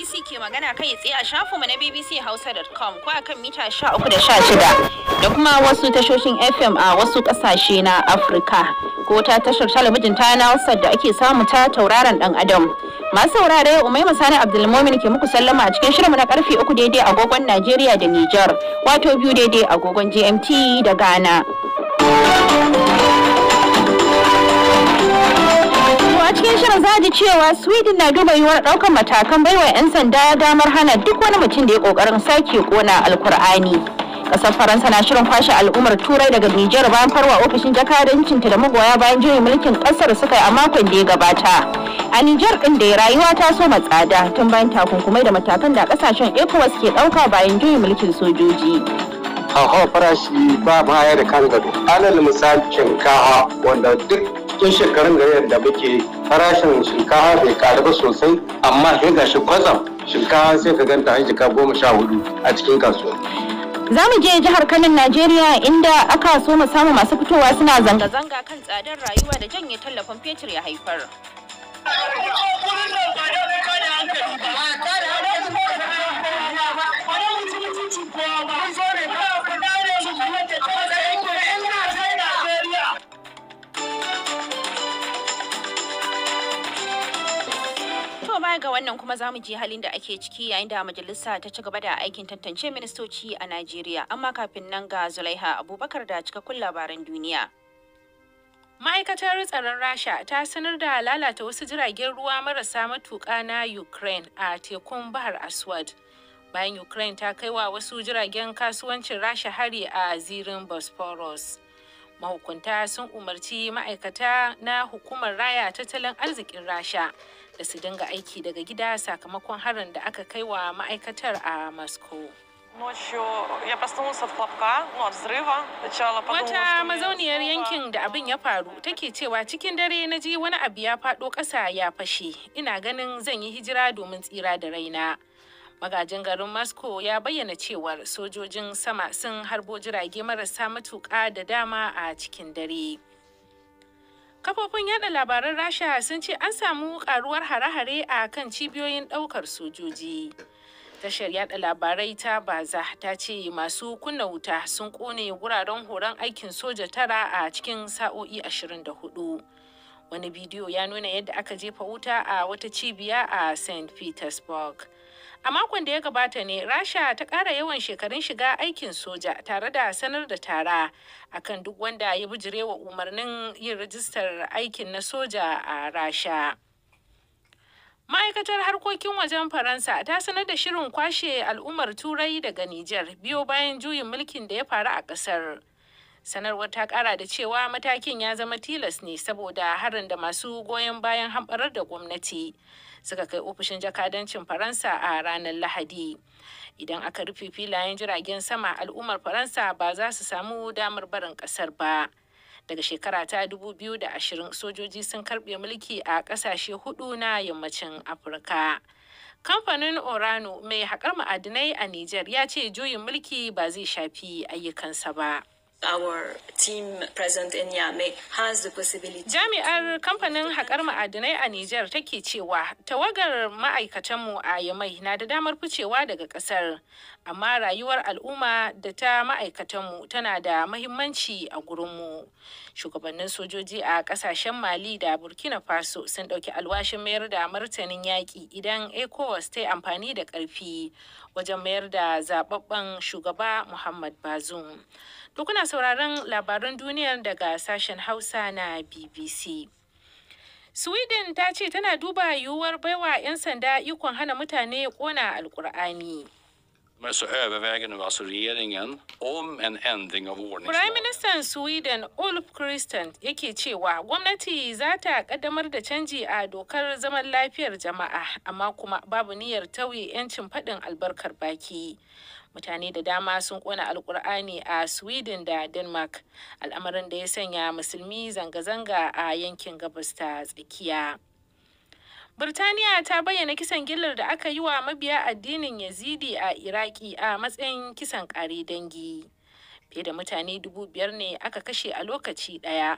BBC ke magana kai tsaye a shafin mu na bbchausa.com ko akan mita uku da sha shida da kuma wasu tashoshin FM a wasu kasashe na Afirka ko ta tashar talabijin ta na da ake samu ta tauraron dan Adam. Masu saurare Umaima Sani Abdulmumin ke muku sallama a cikin shirinmu na karfe 3 daidai agogon Najeriya da Nijar wato biyu daidai agogon GMT da Ghana. a cikin shirin zaji cewa sweden na duba yiwuwar daukan matakan baiwa 'yan sanda damar hana duk wani mutum da ya ƙoƙarin sake kona alkur'ani ƙasar faransa na shirin kwashe al'ummar turai daga nijar bayan farwa ofishin ta da magoya bayan juyin mulkin kasar suka yi a makon da ya gabata a nijar din da rayuwa ta so tsada tun bayan takunkumai da matakan da ƙasashen ecowas ke ɗauka bayan juyin mulkin sojoji hauhawar farashi ba baya da kan gado alal misali shinkafa wanda duk cikin shekarun gare da muke farashin shinkafa bai karu ba sosai amma ga shi kwatsam shinkafa sai ka ganta an jika goma sha hudu a cikin kasuwa. Za mu je jihar Kano Najeriya inda aka so mu samu masu fitowa suna zanga-zanga kan tsadar rayuwa da janye tallafin fetur ya haifar. baya ga wannan kuma za mu je halin da ake ciki yayin da majalisa ta ci gaba da aikin tantance ministoci a Najeriya. Amma kafin nan ga Zulaiha Abubakar da cikakkun labaran duniya. Ma'aikatar tsaron Rasha ta sanar da lalata wasu jiragen ruwa marasa matuƙa na Ukraine a tekun Bahar Aswad. Bayan Ukraine ta kai wa wasu jiragen kasuwancin Rasha hari a zirin Bosphorus. mahukunta sun umarci ma'aikata na hukumar raya tattalin arzikin rasha da su dinga aiki daga gida sakamakon harin da aka kai wa ma'aikatar a moscow Wata mazauniyar yankin da abin ya faru take cewa cikin dare na ji wani abu ya faɗo ƙasa ya fashe. Ina ganin zan yi hijira domin tsira da raina. magajin garin moscow ya bayyana cewar sojojin sama sun harbo jirage marasa matuƙa da dama a cikin dare kafofin yada labaran rasha sun ce an samu karuwar hare-hare a kan cibiyoyin daukar sojoji tashar yada labarai ta baza ta ce masu kunna wuta sun kone wuraren horon aikin soja tara a cikin sa'o'i 24 wani bidiyo ya nuna yadda aka jefa wuta a wata cibiya a st petersburg A makon da ya gabata ne, Rasha ta ƙara yawan shekarun shiga aikin soja tare da sanar da tara akan duk wanda ya bijirewa umarnin yin rajistar aikin na soja a Rasha. Ma'aikatar harkokin wajen Faransa ta sanar da shirin kwashe al'ummar Turai daga Nijar biyo bayan juyin mulkin da ya faru a ƙasar. Sanarwar ta ƙara da cewa matakin ya zama tilas ne saboda harin da masu goyon bayan haɓarar da gwamnati. suka kai ofishin jakadancin faransa a ranar lahadi idan aka rufe filayen jiragen sama al'ummar faransa ba za su samu damar barin kasar ba daga shekara ta 2020 sojoji sun karbe mulki a kasashe hudu na yammacin afirka kamfanin orano mai haƙar ma'adinai a Nijar ya ce juyin mulki ba zai shafi ayyukansa ba Jami'ar kamfanin haƙar ma'adinai a Nijar take cewa tawagar ma'aikatanmu a Yamai na da damar ficewa daga ƙasar, amma rayuwar al'umma da ta ma'aikatanmu tana da mahimmanci a gurinmu. Shugabannin sojoji a ƙasashen Mali da Burkina Faso sun ɗauki alwashin mayar da martanin yaƙi idan ECOWAS ta yi amfani da ƙarfi wajen mayar da zaɓaɓɓen shugaba Muhammad Bazoum. To kuna sauraron labarun duniyar daga sashen Hausa na BBC. Sweden ta ce tana duba yiwuwar baiwa 'yan sanda ikon hana mutane kona alkur'ani. Prime Minister Sweden Ulf Kristersson yake cewa gwamnati za ta kaddamar da canji a dokar zaman lafiyar jama'a amma kuma babu niyyar tauye 'yancin faɗin albarkar baki. mutane da dama sun kona alkur'ani a sweden da denmark al'amarin da ya sanya musulmi zanga-zanga a yankin gabas ta tsakiya Birtaniya ta bayyana kisan gillar da aka yi wa mabiya addinin Yazidi a Iraki a matsayin kisan kare dangi. Fiye da mutane dubu biyar ne aka kashe a lokaci daya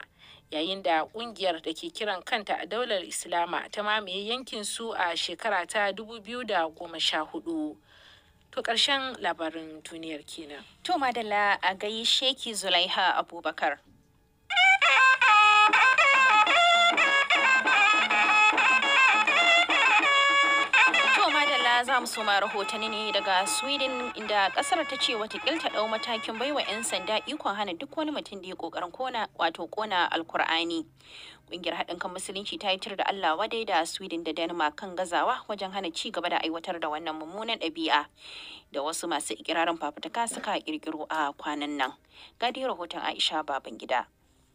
yayin da kungiyar da ke kiran kanta a daular Islama ta mamaye yankin su a shekara ta dubu biyu da goma sha hudu. To ƙarshen labarin duniyar kenan. To Madalla a gaishe ki Zulaiha Abubakar. za mu soma rahotanni ne daga Sweden inda kasar ta ce wata ta dau matakin baiwa 'yan sanda ikon hana duk wani mutum da ya kokarin kona wato kona alkur'ani. Kungiyar haɗin kan musulunci ta yi yitar da Allah wadai da Sweden da Denmark kan gazawa wajen hana ci gaba da aiwatar da wannan mummunan ɗabi'a da wasu masu ikirarin fafutuka suka kirkiro a kwanan nan. Ga rahoton Aisha Babangida. gida.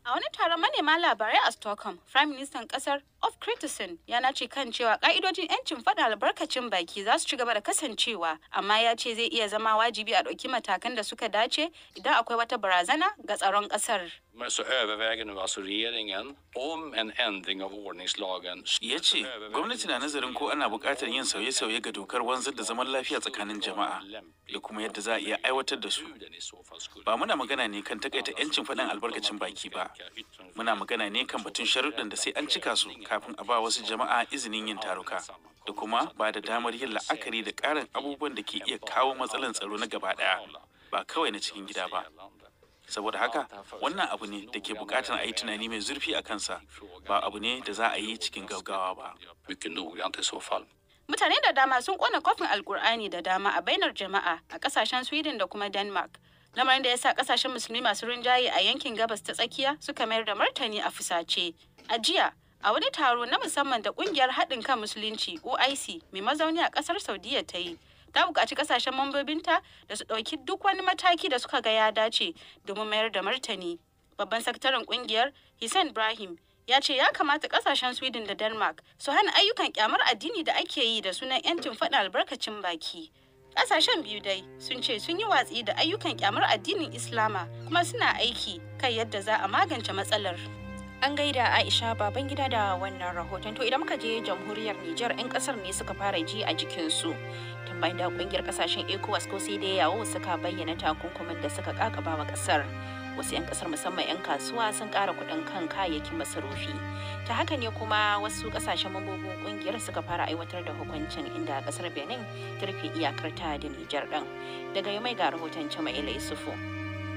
A wani taron manema labarai a Stockholm, Prime Minister kasar of Criticism ya nace kan cewa ka'idojin 'yancin faɗa albarkacin baki za su ci gaba da kasancewa, amma ya ce zai iya zama wajibi a ɗauki matakan da suka dace idan akwai wata barazana ga tsaron ƙasar. Ya ce, gwamnati na nazarin ko ana buƙatar yin sauye-sauye ga dokar wanzar da zaman lafiya tsakanin jama'a da kuma yadda za a iya aiwatar da su. Ba muna magana ne kan takaita 'yancin faɗin albarkacin baki ba. Muna magana ne kan batun sharuɗan da sai an cika su kafin a ba wasu jama'a izinin yin taruka. Da kuma ba da damar yin la'akari da ƙarin abubuwan da ke iya kawo matsalan tsaro na gaba ɗaya. Ba kawai na cikin gida ba. saboda haka wannan abu ne da ke bukatar a yi tunani mai zurfi a kansa ba abu ne da za a yi cikin gaggawa ba mutane da dama sun kona kofin alkur'ani da dama a bainar jama'a a kasashen sweden da kuma denmark lamarin da ya sa kasashen musulmi masu rinjaye a yankin gabas ta tsakiya suka mayar da martani a fusace a jiya a wani taro na musamman da kungiyar haɗin kan musulunci oic mai mazauni a ƙasar saudiya ta yi ta buƙaci kasashen mambobinta da su ɗauki duk wani mataki da suka ga ya dace domin mayar da martani babban sakataren ƙungiyar hisan ibrahim ya ce ya kamata kasashen sweden da denmark su hana ayyukan kyamar addini da ake yi da sunan 'yancin faɗin albarkacin baki kasashen biyu dai sun ce sun yi watsi da ayyukan kyamar addinin islama kuma suna aiki kan yadda za a magance matsalar. An gaida Aisha baban gida da wannan rahoton to idan muka je jamhuriyar Nijar 'yan kasar ne suka fara ji a jikinsu. Tun da kungiyar kasashen ECOWAS ko sai da yawo suka bayyana takunkumin da suka kakaba wa kasar. Wasu 'yan kasar musamman 'yan kasuwa sun kara kuɗin kan kayayyakin masarufi. Ta haka ne kuma wasu kasashen mambobin kungiyar suka fara aiwatar da hukuncin inda kasar Benin ta rufe iyakar ta da Nijar ɗin. Daga yamai ga rahoton ilai Isufu.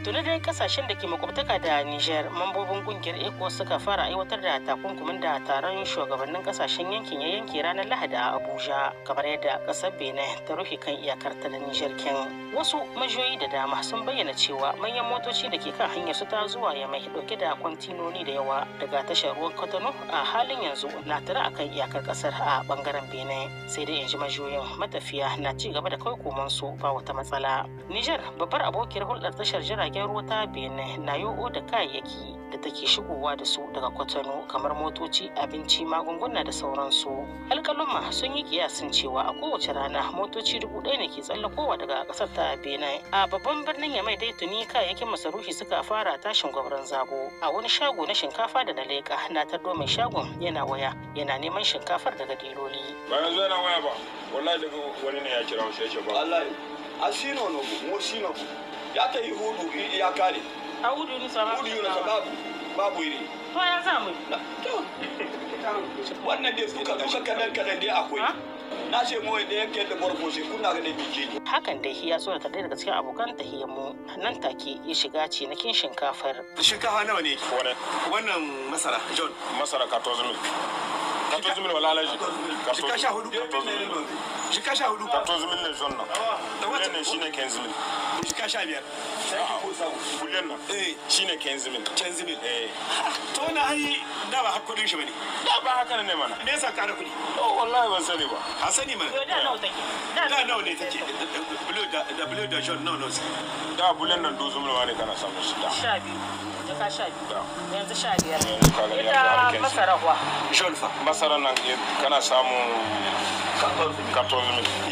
tuni dai kasashen da ke makwabtaka da niger mambobin kungiyar eco suka fara aiwatar da takunkumin da taron shugabannin kasashen yankin ya yanke ranar lahadi a abuja kamar yadda kasar benin ta rufe kan iyakar ta da niger kin wasu majiyoyi da dama sun bayyana cewa manyan motoci da ke kan hanyar su ta zuwa ya mai dauke da kwantinoni da yawa daga tashar ruwan kotonu a halin yanzu na tare akan iyakar kasar a bangaren benin sai dai yanzu majiyoyin matafiya na ci gaba da kai komansu ba wata matsala niger babbar abokiyar hulɗar tashar jiragen jiragen ruwa ta benin na yo'o da kayayyaki da take shigowa da su daga kwatano kamar motoci abinci magunguna da sauransu alkaluma sun yi kiyasin cewa a kowace rana motoci dubu ɗaya ne ke tsallakowa daga ƙasar ta benin a babban birnin yamai dai tuni kayayyakin masarufi suka fara tashin gwabran zago a wani shago na shinkafa da na leƙa na mai shagon yana waya yana neman shinkafar daga diloli ba yanzu yana waya ba wallahi daga wani ne ya kira wasu ya ce ba wallahi nono mo nono. ya ta yi hudu ya kare a hudu yunusa babu hudu babu babu iri to ya samu wannan dai suka ga kadan kadan dai akwai na ce mu da yake da barko sai kuna ga da biki hakan dai ya so da daga cikin abokan ta mu nan take ya shiga ci na kin shinkafar shinkafa nawa ne wannan masara john masara 14000 14000 wala alaji ka shinkafa hudu jika sha hudu to zumin ne zon nan bulen nan shine kenzilin jika sha biyar bulen nan eh. shine kenzilin kenzilin eh. ah, to wannan ai da ba hakkurin shi bane da ba haka ne mana me yasa kara kudi to wallahi ban sani ba a sani mana da nawa take da nawa ne take bulo da da bulo da shot nawa da bulen nan dozo mulwa ne kana samu shi da sha biyu jika sha biyu yanzu sha biyar ita masara kuwa shon fa masara nan eh, kana samu 14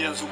yanzu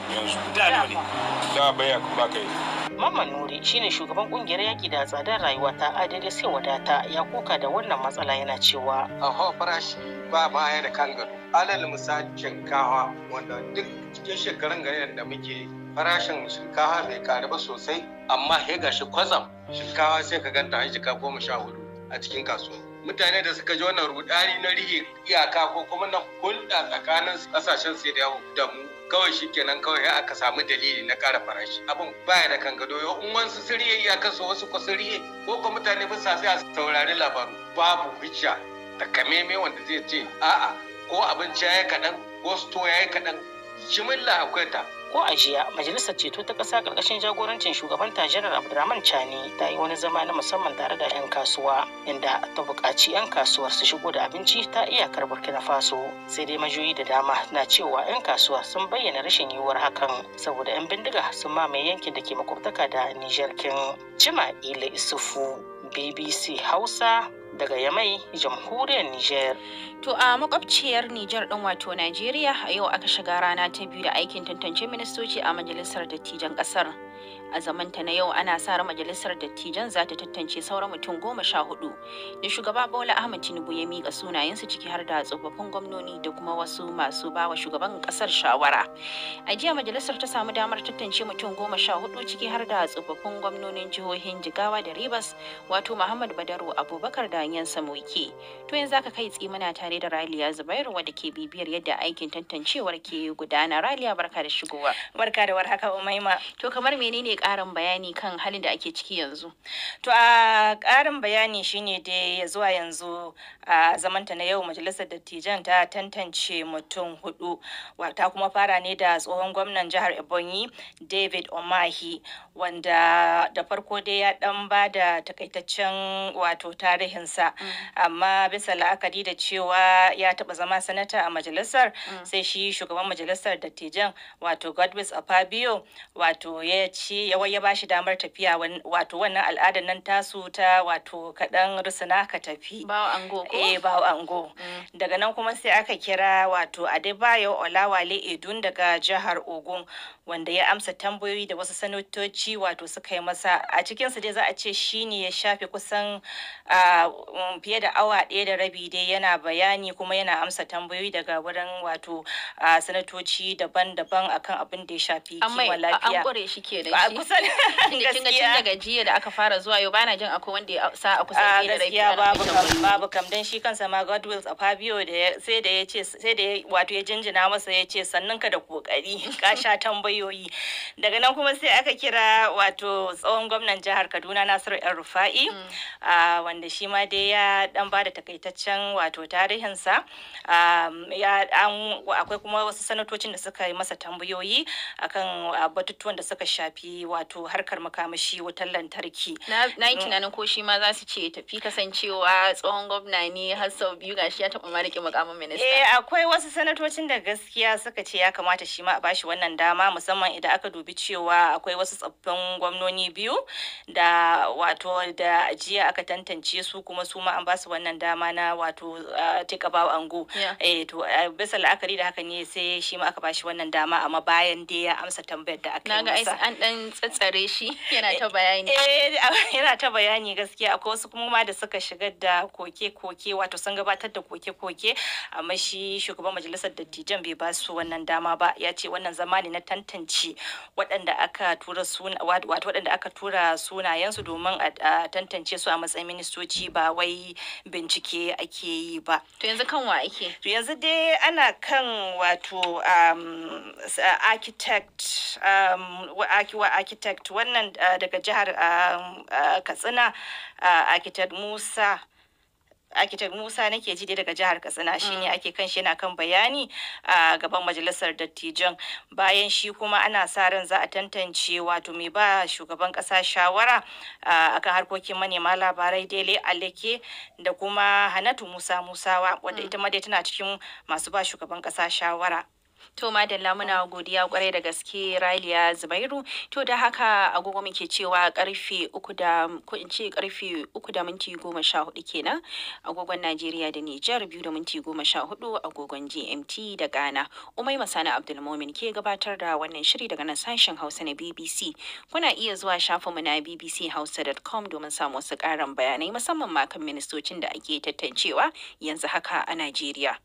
Nuri shi ne Nuri shine shugaban kungiyar yaki da tsadar rayuwa ta adada sai wadata ya kuka da wannan matsala yana cewa. A hawa farashi ba ya da kalgado. Alal misali shinkawa wanda duk cikin shekarun gari da muke farashin shinkawa bai karu ba sosai amma ya gashi kwazam shinkawa sai ka ganta an shiga goma sha hudu a cikin kasuwa. Mutane da suka ji wannan rudani na rige iyaka ko kuma na hulɗa tsakanin ƙasashen sai da yawo da mu kawai shi kenan kawai ya aka samu dalili na ƙara farashi abin baya da kan gado in wasu sirye ya kaso wasu ko sirye ko ko mutane ba sa sai a saurari labaru babu hujja takamaime wanda zai ce a'a ko abinci ya yi kaɗan ko sto ya yi kaɗan jimilla akwai ta ko a jiya majalisar ceto ta ƙasa ƙarƙashin jagorancin shugaban tajirar abdulrahman chani ta yi wani zama na musamman tare da 'yan kasuwa inda ta buƙaci 'yan kasuwar su shigo da abinci ta iyakar burkina faso sai dai majoyi da dama na cewa 'yan kasuwa sun bayyana rashin yiwuwar hakan saboda 'yan bindiga sun mamaye yankin da ke makwabtaka da nijar kin jima'ila isufu bbc hausa daga Yamai, jamhuriyar Nijar. To a makwabciyar Nijar ɗin wato Najeriya a yau aka shiga rana ta biyu da aikin tantance ministoci a majalisar dattijan ƙasar. a zamanta na yau ana sa ra majalisar dattijan za ta tattance sauran mutum goma sha hudu da shugaba bola ahmad tinubu ya miƙa sunayensu ciki har da tsofaffin gwamnoni da kuma wasu masu bawa shugaban ƙasar shawara a jiya majalisar ta samu damar tattance mutum goma sha hudu ciki har da tsofaffin gwamnonin jihohin jigawa da ribas wato muhammad badaru abubakar da yan samoke to yanzu aka kai tsi muna tare da raliya zubairu wadda ke bibiyar yadda aikin tantancewar ke gudana raliya barka da shigowa barka da warhaka umaima to kamar menene ƙarin bayani kan halin da ake ciki yanzu to a ƙarin bayani shine dai zuwa yanzu a zamanta na yau majalisar dattijan ta tantance mutum hudu ta kuma fara ne da tsohon gwamnan jihar ebonyi david omahi wanda da farko dai ya dan ba da takaitaccen wato tarihinsa mm. amma bisa la'akari da cewa ya taba zama sanata a majalisar mm. sai shi shugaban majalisar dattijan wato godwin Fabio wato ya ce ya wai ya bashi damar tafiya wato wannan al'adar nan tasu ta wato kaɗan rusuna ka tafi bawo ango ko eh bawo ango mm. daga nan kuma sai aka kira wato Adebayo Olawale Edun daga jihar Ogun wanda ya amsa tambayoyi da wasu sanatoci wato suka yi masa a cikin su dai za a ce shine ya shafe kusan mm, fiye da awa ɗaya da rabi dai yana bayani kuma yana amsa tambayoyi daga wurin wato sanatoci daban-daban akan abin da ya shafi kiwon lafiya. An kure shi kenan. ne tunda kin tun daga jiya da aka fara zuwa yau bana jin akwai wanda ya sa a kusa ah, da rai gaskiya babu kam babu kam dan shi kansa ma Godwill a Fabio da sai da yace sai da wato ya jinjina masa yace sannan ka da kokari ka sha tambayoyi daga nan kuma sai aka kira wato tsohon gwamnan jihar Kaduna Nasiru Yan Rufa'i mm. wanda shi ma dai ya dan bada takaitaccen wato tarihinsa ya akwai kuma wasu sanatocin da suka yi masa tambayoyi akan batutuwan da suka shafi wato harkar makamashi wutar lantarki na yi tunanin ko shi ma za su ce tafi kasancewa tsohon gwamna ne har sau biyu ga shi ya taɓa ma rike mukamin minista eh akwai wasu sanatocin da gaskiya suka ce ya kamata shi ma a bashi wannan dama musamman idan aka dubi cewa akwai wasu tsaffin gwamnoni biyu da wato da ajiya aka tantance su kuma su ma an ba su wannan dama na wato take about ango eh to bisa la'akari da haka ne sai shi ma aka bashi wannan dama amma bayan dai ya amsa tambayar da aka yi masa Na ga an dan tsatsare shi yana ta bayani eh yana ta bayani gaskiya akwai wasu kuma ma da suka shigar da koke-koke wato sun gabatar da koke-koke amma shi shugaban majalisar dattijan bai ba su wannan dama ba ya ce wannan zama ne na tantance waɗanda aka tura suna wato waɗanda aka tura sunayensu domin a tantance su a matsayin ministoci ba wai bincike ake yi ba to yanzu kan wa ake to yanzu dai ana kan wato um, architect um, wa, architect wannan ah, daga jihar ah, ah, katsina architect musa architect Musa nake ji daga jihar Katsina shine mm. ake kan shi yana kan bayani a gaban majalisar dattijan bayan shi kuma ana sa ran za a tantance wato mai ba shugaban kasa shawara akan harkokin manema labarai Dele Aleke da kuma Hanatu Musa Musawa wadda mm. ita ma dai tana cikin masu ba shugaban kasa shawara to madalla muna godiya kwarai da gaske raliya zubairu to da haka agogo muke cewa karfe uku da ko in ce karfe uku da minti goma sha hudu kenan agogon najeriya da nijar biyu da minti goma sha hudu agogon gmt da ghana umai masana mumin ke gabatar da wannan shiri daga nan sashen hausa na bbc kuna iya zuwa shafin mu na bbchausa.com domin samun wasu karin bayanai musamman ma kan ministocin da ake tantancewa yanzu haka a najeriya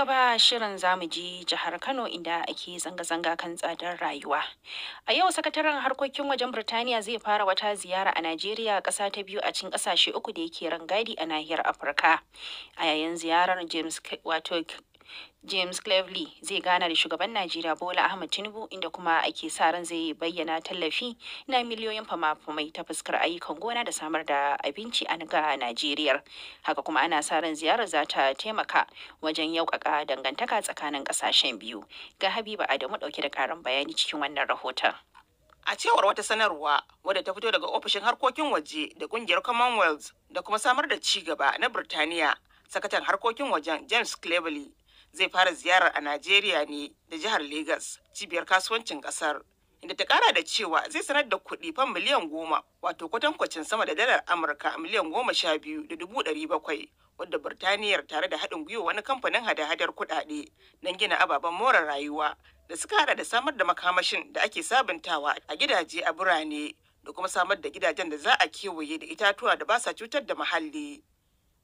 gaba shirin zamu je jihar Kano inda ake zanga-zanga kan tsadar rayuwa. A yau sakataren harkokin wajen Birtaniya zai fara wata ziyara a Najeriya ƙasa ta biyu a cikin ƙasashe uku da yake rangadi a nahiyar Afirka. A yayin ziyarar James wato James Cleverly zai gana da shugaban Najeriya Bola Ahmed Tinubu inda kuma ake sa ran zai bayyana tallafi na miliyoyin fama-famai ta fuskar ayyukan gona da samar da abinci a ga Najeriya. Haka kuma ana sa ran ziyarar za ta taimaka wajen yaukaka dangantaka tsakanin ƙasashen biyu. Ga Habiba Adamu ɗauke da karin bayani cikin wannan rahoton. A cewar wata sanarwa wadda ta fito daga ofishin harkokin waje da kungiyar Commonwealth da kuma samar da ci gaba na Birtaniya, sakataren harkokin wajen James Cleverly zai fara ziyarar a Najeriya ne da jihar Legas cibiyar kasuwancin kasar. Inda ta kara da cewa zai sanar da kuɗi fan miliyan goma wato kwatankwacin sama da dalar Amurka miliyan goma sha biyu da dubu ɗari bakwai wadda Birtaniyar tare da haɗin gwiwa wani kamfanin hada-hadar kuɗaɗe don gina ababen more rayuwa da suka haɗa da samar da makamashin da ake sabuntawa a gidaje a birane da kuma samar da gidajen da za a kewaye da itatuwa da ba sa cutar da muhalli.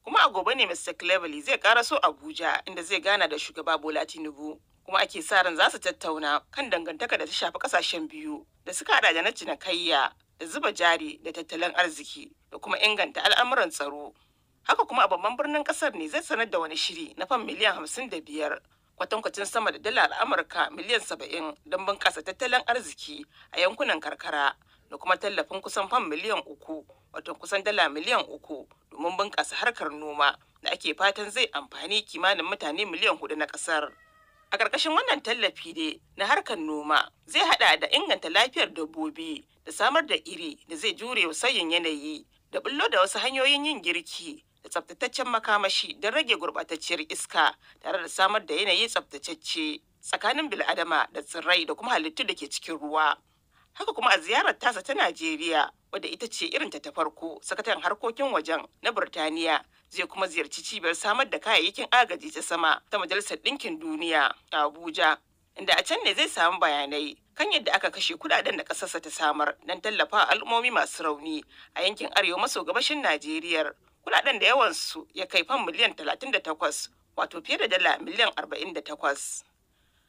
kuma a gobe ne Mr. Cleverly zai kara so Abuja inda zai gana da shugaba Bola Tinubu kuma ake sa ran za su tattauna kan dangantaka da ta shafi kasashen biyu da suka hada da na cinikayya da zuba jari da tattalin arziki da kuma inganta al'amuran tsaro haka kuma a babban birnin kasar ne zai sanar da wani shiri na fam miliyan hamsin da biyar kwatankwacin sama da dalar amurka miliyan saba'in don bunƙasa tattalin arziki a yankunan karkara da kuma tallafin kusan fam miliyan uku wato kusan dala miliyan uku domin bunƙasa harkar noma da ake fatan zai amfani kimanin mutane miliyan hudu na ƙasar. A ƙarƙashin wannan tallafi ne na harkar noma zai haɗa da inganta lafiyar dabbobi da samar da iri da zai jure wa sauyin yanayi da bullo da wasu hanyoyin yin girki da tsaftataccen makamashi don rage gurɓatacciyar iska tare da samar da yanayi tsaftatacce tsakanin bil'adama da tsirrai da kuma halittu da ke cikin ruwa. haka kuma a ziyarar tasa ta najeriya wadda ita ce irin ta farko sakataren harkokin wajen na burtaniya zai kuma ziyarci cibiyar samar da kayayyakin agaji ta sama ta majalisar ɗinkin duniya a abuja inda a can ne zai samu bayanai kan yadda aka kashe kudaden da ƙasarsa ta samar don tallafa al'ummomi masu rauni a yankin arewa maso gabashin najeriya kudaden da yawan su ya kai fan miliyan 38 wato fiye da dala miliyan 48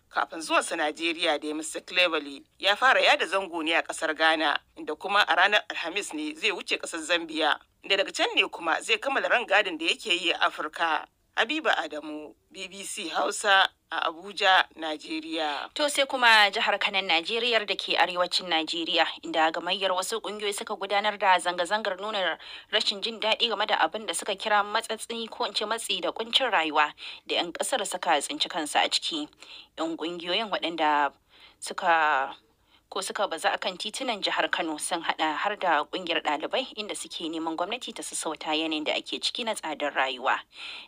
kafin zuwansa Najeriya da Mr. Cleverly ya fara yada zango ne a kasar Ghana inda kuma a ranar Alhamis ne zai wuce kasar Zambia. Da daga can ne kuma zai kammala rangadin da yake yi a Afirka. Habiba Adamu, BBC Hausa a Abuja, Najeriya. To sai kuma jihar Kanan Najeriya da ke arewacin Najeriya inda gamayyar wasu ƙungiyoyi suka gudanar da zanga-zangar nuna rashin jin daɗi game da abin da suka kira matsatsi ko in matsi da kuncin rayuwa da 'yan ƙasar suka tsinci kansa a ciki. 'Yan kungiyoyin waɗanda suka ko suka baza akan titunan jihar Kano sun hada har da kungiyar ɗalibai inda suke neman gwamnati ta sassauta yanayin da ake ciki na tsadar rayuwa.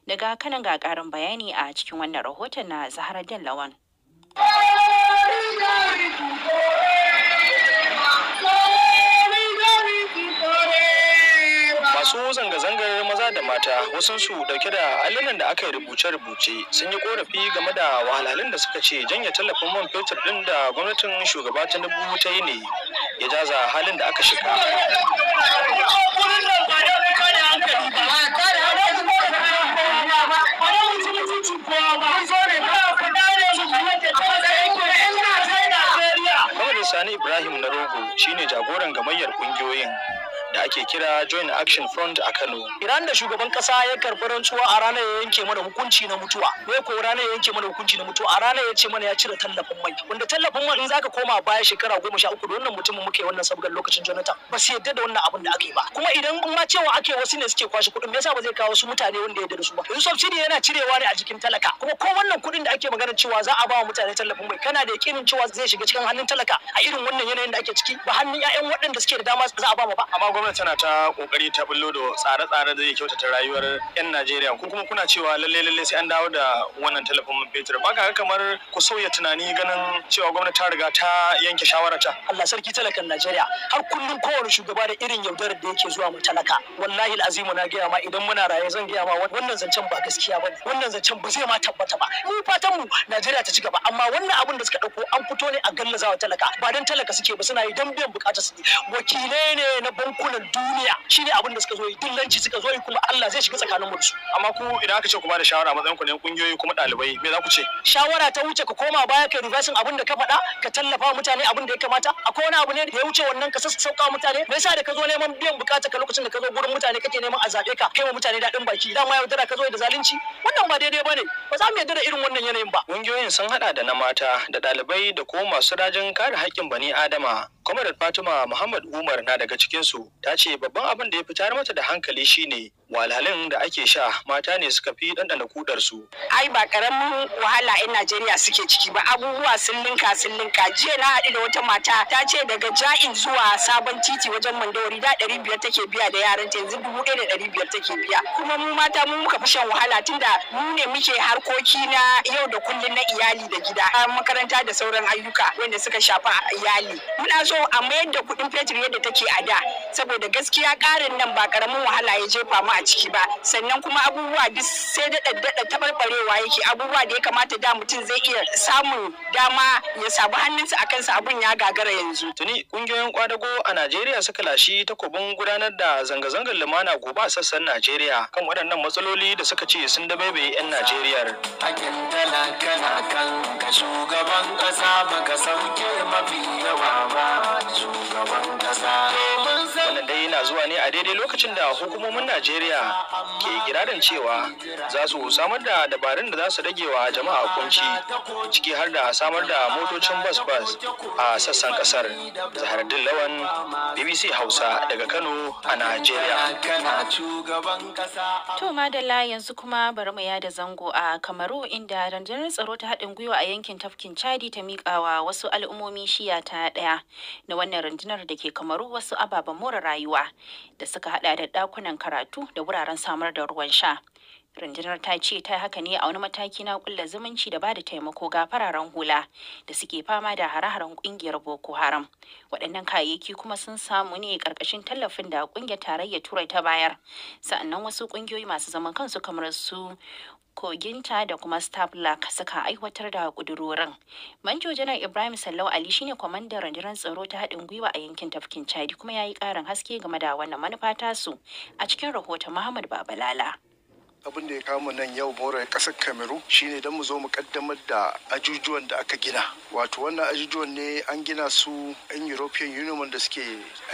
Daga kanan ga ƙarin bayani a cikin wannan rahoton na Zahara Dallawan. Masu zanga-zangar da mata wasansu dauke da allunan da aka yi rubuce-rubuce sun yi korafi game da wahalhalun da suka ce janye tallafin man fetur din da gwamnatin shugaba tinubu ta yi ne ya jaza halin da aka shiga Sani Ibrahim na Rogo shine jagoran gamayyar ƙungiyoyin. da ake kira Joint Action Front a Kano. Iran da shugaban kasa ya karɓi rantsuwa a ranar ya yanke mana hukunci na mutuwa. Me ko ranar ya yanke mana hukunci na mutuwa a ranar ya ce mana ya cire tallafin mai. Wanda tallafin mai in zaka koma baya shekara goma sha uku da wannan mutumin muke wannan sabgar lokacin Jonathan ba su yadda da wannan abin da aka yi ba. Kuma idan ma cewa ake wasu ne suke kwashe kuɗin me yasa ba zai kawo su mutane wanda ya yarda da su ba. Yanzu subsidy yana cirewa ne a jikin talaka. Kuma ko wannan kuɗin da ake magana cewa za a ba wa mutane tallafin mai kana da yakinin cewa zai shiga cikin hannun talaka a irin wannan yanayin da ake ciki ba hannun 'ya'yan waɗanda suke da dama za a ba ba. Amma gwamnati tana ta kokari ta bullo da tsare-tsare da zai kyautata rayuwar 'yan Najeriya ko kuma kuna cewa lalle lalle sai an dawo da wannan talafin man fetur ba ka kamar ku sauya tunani ganin cewa gwamnati ta riga ta yanke shawararta. Allah sarki talakan Najeriya har kullum kowane shugaba da irin yaudarar da yake zuwa mu talaka wallahi al'azimu na gaya ma idan muna raye zan gaya ma wannan zancen ba gaskiya ba wannan zancen ba zai ma tabbata ba mu fatan mu Najeriya ta ci gaba amma wannan abin da suka dauko an fito ne a gallazawa talaka ba dan talaka suke ba suna yi dan biyan bukatar su wakilai ne na banku bankunan duniya shi ne abin da suka zo yi dillanci suka zo yi kuma Allah zai shiga tsakanin mu da su amma ku idan aka ce ku bada shawara matsayin ku ne kungiyoyi kuma dalibai me za ku ce shawara ta wuce ka koma baya kai reversing abin da ka faɗa ka tallafa mutane abin da ya kamata akwai wani abu ne da ya wuce wannan ka sauka mutane me yasa da ka zo neman biyan bukata ka lokacin da ka zo gurin mutane kake neman a zabe ka kai wa mutane daɗin baki dama yaudara ka zo da zalunci wannan ba daidai bane ba za mu yarda da irin wannan yanayin ba kungiyoyin sun hada da na mata da dalibai da kuma masu rajin kare haƙƙin bani adama Kwamarar Fatima Muhammad Umar na daga cikinsu ta ce babban abin da ya fitar mata da hankali shine walhalin da ake sha mata ne suka fi ɗanɗana kudar su. Ai ba karamin wahala 'yan Najeriya suke ciki ba abubuwa sun linka sun linka jiya na haɗu da wata mata ta ce daga ja'in zuwa sabon titi wajen mandawari da ɗari biyar take biya da yaran ta yanzu dubu ɗaya da ɗari biyar take biya kuma mu mata mu muka fi shan wahala tunda mu ne muke harkoki na yau da kullum na iyali da gida makaranta da sauran ayyuka wanda suka shafa iyali muna so a mayar da kuɗin fetur yadda take a da saboda gaskiya ƙarin nan ba karamin wahala ya jefa mu a ciki ba sannan kuma abubuwa duk sai da daddada tabarbarewa yake abubuwa da ya kamata da mutum zai iya samun dama ya sabu hannunsa a kansa abun ya gagara yanzu. Tuni kungiyoyin kwadago a Najeriya suka lashi takobin gudanar da zanga-zangar lumana gobe a sassan Najeriya kan waɗannan matsaloli da suka ce sun bai 'yan najeriya Hakin talaka na kan ka shugaban kasa baka sauke mafi yawa ba shugaban kasa. Wannan dai na zuwa ne a daidai lokacin da hukumomin Najeriya najeriya ke kirarin cewa za su samar da dabarun da za su rage wa jama'a kunci ciki har da samar da motocin bas-bas a sassan kasar zahardin lawan bbc hausa daga kano a najeriya to madalla yanzu kuma bari mu yada zango a kamaru inda rundunar tsaro ta haɗin gwiwa a yankin tafkin chadi ta miƙawa wasu al'ummomi shiya ta ɗaya na wannan rundunar da ke kamaru wasu ababen more rayuwa da suka haɗa da ɗakunan karatu da wuraren samar da ruwan sha. rundunar ta ce ta haka ne a wani mataki na kulla zumunci da ba da taimako ga fararen hula da suke fama da hare-haren kungiyar boko haram waɗannan kayayyaki kuma sun samu ne ƙarƙashin tallafin da kungiyar tarayyar turai ta bayar sa'annan wasu ƙungiyoyi masu zaman kansu kamar su koginta da kuma staff suka aiwatar da kudurorin manjo janar ibrahim sallau ali shine kwamandan rundunar tsaro ta haɗin gwiwa a yankin tafkin chadi kuma ya yi ƙarin haske game da wannan manufa tasu a cikin rahoton muhammad babalala abin da ya kama nan yau more kasar kameru shine don mu zo mu kaddamar da ajujuwan da aka gina wato wannan ajujuwan ne an gina su yan european union da suke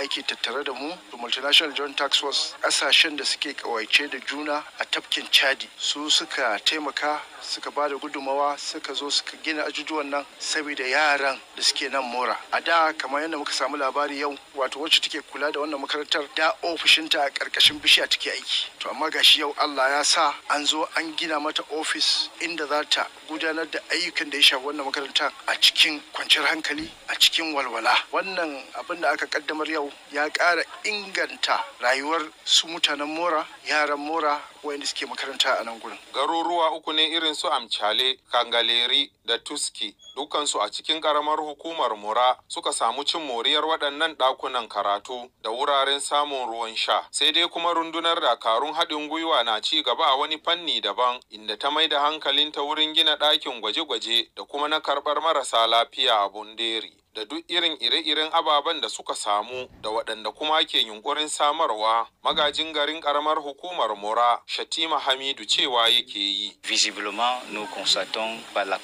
aiki tattare da mu da multinational joint tax force kasashen da suke kawaice da juna a tafkin chadi su suka taimaka suka ba da gudumawa suka zo suka gina ajujuwan nan saboda yaran da suke nan mora a da kamar yadda muka samu labari yau wato wacce take kula da wannan makarantar da ofishinta a karkashin bishiya take aiki to amma gashi yau allah ya ƙasa an zo an gina mata ofis inda za ta gudanar da ayyukan da ya shafi wannan makarantar. a cikin kwanciyar hankali a cikin walwala wannan abin da aka kaddamar yau ya ƙara inganta rayuwar su mutanen mora yaran mora wayanda suke makaranta a nan gurin garuruwa uku ne irin su amcale kangaleri da tuski dukansu a cikin karamar hukumar mura suka samu cin moriyar waɗannan ɗakunan karatu da wuraren samun ruwan sha sai dai kuma rundunar dakarun haɗin gwiwa na ci gaba a wani fanni daban inda ta mai da hankalinta wurin gina na ɗakin gwaje-gwaje da kuma na karɓar marasa lafiya a Bunderi. da duk irin ire-iren ababen da suka samu da waɗanda kuma ke yunkurin samarwa magajin garin karamar hukumar mora shatima hamidu cewa yake yi visiblement nous constatons par ya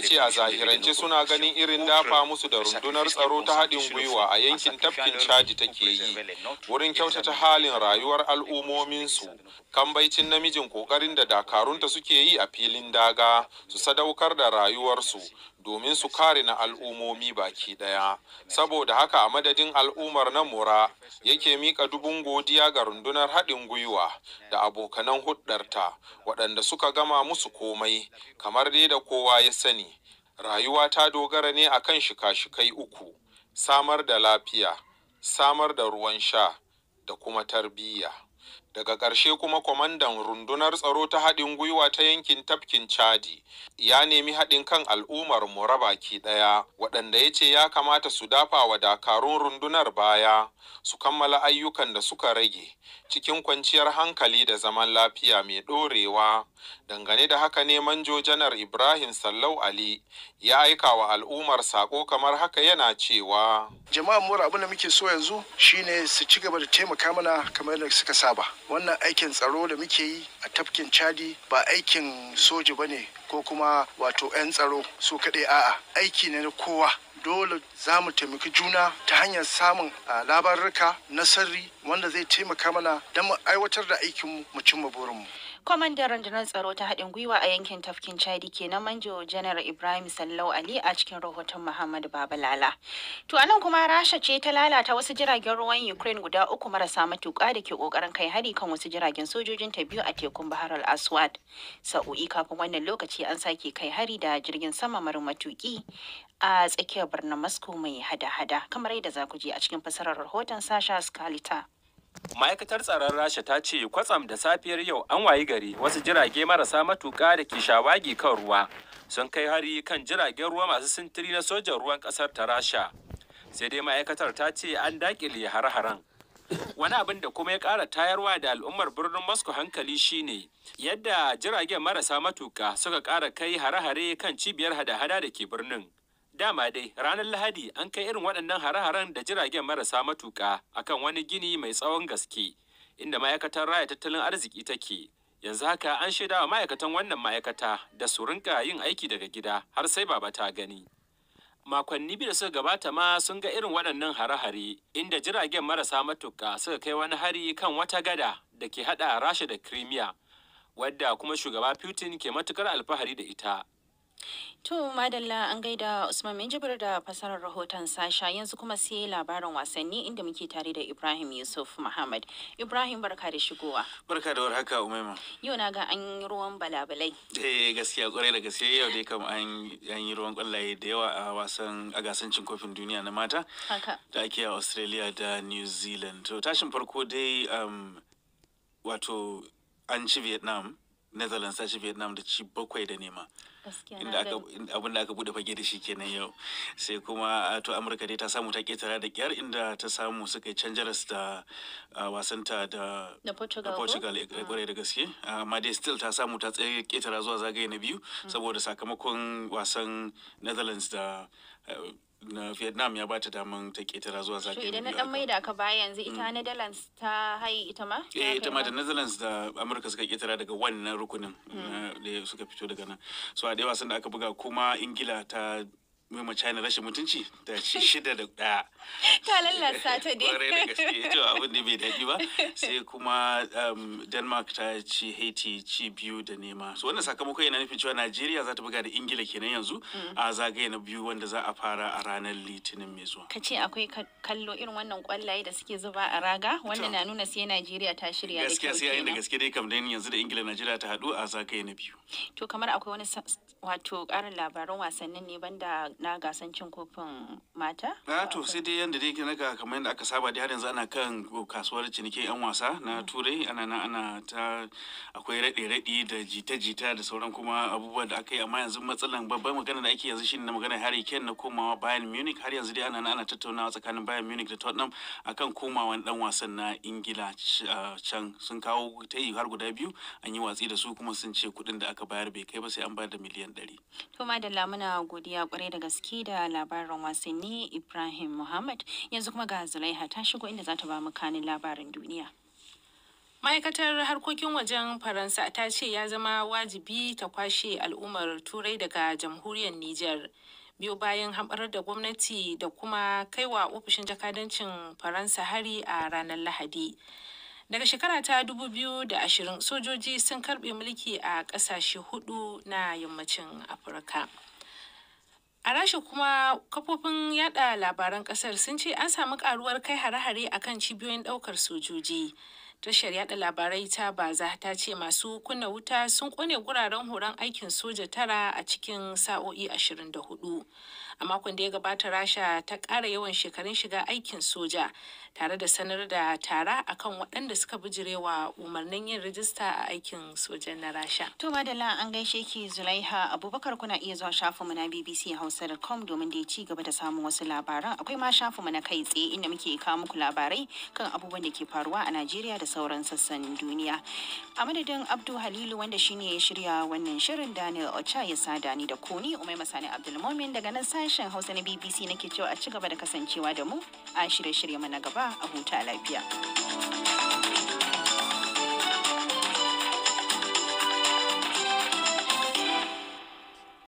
ce a zahirance suna ganin irin dafa musu da rundunar tsaro ta haɗin gwiwa a yankin tafkin caji take yi wurin kyautata halin rayuwar al'ummominsu kambaicin namijin ƙoƙarin da dakarunta suke yi a filin daga su sadaukar da rayuwa rayuwarsu domin su kare na al'ummomi baki daya saboda haka a madadin al'ummar na mura yake mika dubun godiya ga rundunar haɗin gwiwa da abokanan hudarta waɗanda suka gama musu komai kamar dai da kowa ya sani rayuwa ta dogara ne akan shika-shikai uku samar da lafiya samar da ruwan sha da kuma tarbiyya daga ƙarshe kuma kwamandan rundunar tsaro ta haɗin gwiwa ta yankin tafkin chadi ya nemi haɗin kan al'ummar mora ki ɗaya waɗanda ya ce ya kamata su dafa wa dakarun rundunar baya su kammala ayyukan da suka rage cikin kwanciyar hankali da zaman lafiya mai ɗorewa dangane da haka ne manjo janar ibrahim sallau ali ya aika wa al'ummar sako kamar haka yana cewa jama'a mura abin da muke so yanzu shine su ci gaba da taimaka mana kamar yadda suka saba wannan aikin tsaro da muke yi a tafkin chadi ba aikin soji ba ne ko kuma wato 'yan tsaro su kaɗai a'a aiki ne na kowa dole za mu taimaki juna ta hanyar samun labarurka na sarri wanda zai taimaka mana don mu aiwatar da aikinmu mu cimma burinmu. Kwamandan rundunar tsaro ta haɗin gwiwa a yankin tafkin Chadi kenan manjo Janar Ibrahim Sallau Ali a cikin rahoton Muhammad Babalala. To a nan kuma Rasha ce ta lalata wasu jiragen ruwan Ukraine guda uku marasa matuƙa da ke ƙoƙarin kai hari kan wasu jiragen sojojin ta biyu a tekun Bahar al-Aswad. Sa'o'i kafin wannan lokaci an sake kai hari da jirgin sama marin matuƙi a tsakiyar birnin Moscow mai hada-hada kamar yadda za ku ji a cikin fassarar rahoton Sasha Skalita. ma'aikatar tsaron rasha ta ce kwatsam da safiyar yau an wayi gari wasu jirage marasa matuƙa da ke shawagi kan ruwa sun kai hari kan jiragen ruwa masu sintiri na sojan ruwan ƙasar ta rasha sai dai ma'aikatar ta ce an daƙile har-haren wani abin da kuma ya ƙara tayarwa da al'ummar birnin moscow hankali shine yadda jiragen marasa matuƙa suka ƙara kai hare-hare kan cibiyar hada-hada da ke birnin Dama dai ranar Lahadi an kai irin waɗannan hare-haren da jiragen marasa matuƙa akan wani gini mai tsawon gaske inda ma'aikatar raya tattalin arziki take. Yanzu haka an shaida wa ma'aikatan wannan ma'aikata da su rinka yin aiki daga gida har sai baba ta gani. Makonni biyu da suka gabata ma sun ga irin waɗannan hare-hare inda jiragen marasa matuka suka kai wani hari kan wata gada da ke haɗa Rasha da Crimea wadda kuma shugaba Putin ke matukar alfahari da ita To madalla an gaida Usman Minjibir da fasarar rahoton Sasha yanzu kuma sai labarin wasanni inda muke tare da Ibrahim Yusuf Muhammad. Ibrahim barka da shigowa. Barka da warhaka Umaima. Yau na ga an yi ruwan balabalai. Eh gaskiya kwarai da gaske yau dai kam an yi ruwan kwallaye da yawa a wasan a gasan cin kofin duniya na mata. Haka. Da ake a Australia da New Zealand. To tashin farko dai um, wato an ci Vietnam. Netherlands ta ci Vietnam da ci bakwai da nema. inda aka abin da aka bude fage da shi kenan yau sai kuma ah, to amurka dai ta samu ta ketara da kyar inda ta samu suka canja canjaras da ah, wasanta da portugal kwarai eh, mm. da gaske amma dai still ta samu ta tsaye ketara zuwa zagaye na biyu mm. saboda sakamakon wasan netherlands da eh, na vietnam ya bata daman ta ketara zuwa sake idan na dan maida ka baya yanzu ita mm. netherlands ta hai ita ma eh ita ma da netherlands da amurka suka ketara daga wannan rukunin mm. da suka fito daga nan so a da wasan da aka buga kuma ingila ta mai ma China rashin mutunci da shida da ɗaya. Ta lallasa ta dai. Kwarai da gaske to abin da bai daɗi ba sai kuma um, Denmark ta ci Haiti ci biyu da nema. So wannan sakamakon yana nufin cewa Najeriya za ta buga da Ingila kenan yanzu mm. a zagaye na biyu wanda za a fara a ranar Litinin mai zuwa. Ka ce akwai kallo irin wannan kwallaye da suke zuba a raga wanda na nuna sai Najeriya ta shirya da kyau. Gaskiya sai yayin da gaske dai kam dai yanzu da Ingila Najeriya ta haɗu a zagaye na biyu. To kamar akwai wani wato ƙarin labaran wasannin ne banda na gasan cin kofin mata. Na to sai dai yadda dai na kamar yadda aka saba da har yanzu ana kan kasuwar cinikin yan wasa na mm. turai ana nan ana ta akwai raɗe-raɗe da jita-jita da sauran kuma abubuwa da aka yi amma yanzu matsalan babban magana da ake yanzu shine na magana Harry Kane na komawa Bayern Munich har yanzu dai ana nan ana tattaunawa tsakanin Bayern Munich da Tottenham akan komawan dan wasan na Ingila can sun kawo ta yi har guda biyu an yi watsi da su kuma sun ce kuɗin da aka bayar bai kai ba sai an bayar da miliyan ɗari. tuma da lamuna godiya kwarai daga gaske da labarin wasanni Ibrahim Muhammad yanzu kuma ga Zulaiha ta shigo inda za ta ba mu kanin labarin duniya. ma'aikatar harkokin wajen faransa ta ce ya zama wajibi ta kwashe al'ummar turai daga jamhuriyar nijar biyo bayan hamɓarar da gwamnati da kuma kaiwa ofishin jakadancin faransa hari a ranar lahadi daga shekara ta dubu biyu da ashirin sojoji sun karɓe mulki a ƙasashe hudu na yammacin afirka A rashin kuma kafofin yada labaran kasar sun ce an samu karuwar kai hare-hare a kan cibiyoyin daukar sojoji. Tashar yada labarai ta baza ta ce masu kunna wuta sun kone guraren horon aikin soja tara a cikin sa'o'i hudu. a makon da ya gabata rasha ta kara yawan shekarun shiga aikin soja tare da sanar da tara akan waɗanda suka bijirewa umarnin yin rijista a aikin sojan na rasha to madalla an gaishe ki zulaiha abubakar kuna iya zuwa shafinmu na bbc hausa.com domin da ya ci gaba da samun wasu labaran akwai ma mu na kai tsaye inda muke kawo muku labarai kan abubuwan da ke faruwa a najeriya da sauran sassan duniya a madadin abdu halilu wanda shine ya shirya wannan shirin daniel ocha ya sada ni da kuni umai masani abdulmomin daga nan sai sashen Hausa na BBC nake cewa a ci gaba da kasancewa da mu a shirye-shirye na gaba a huta lafiya.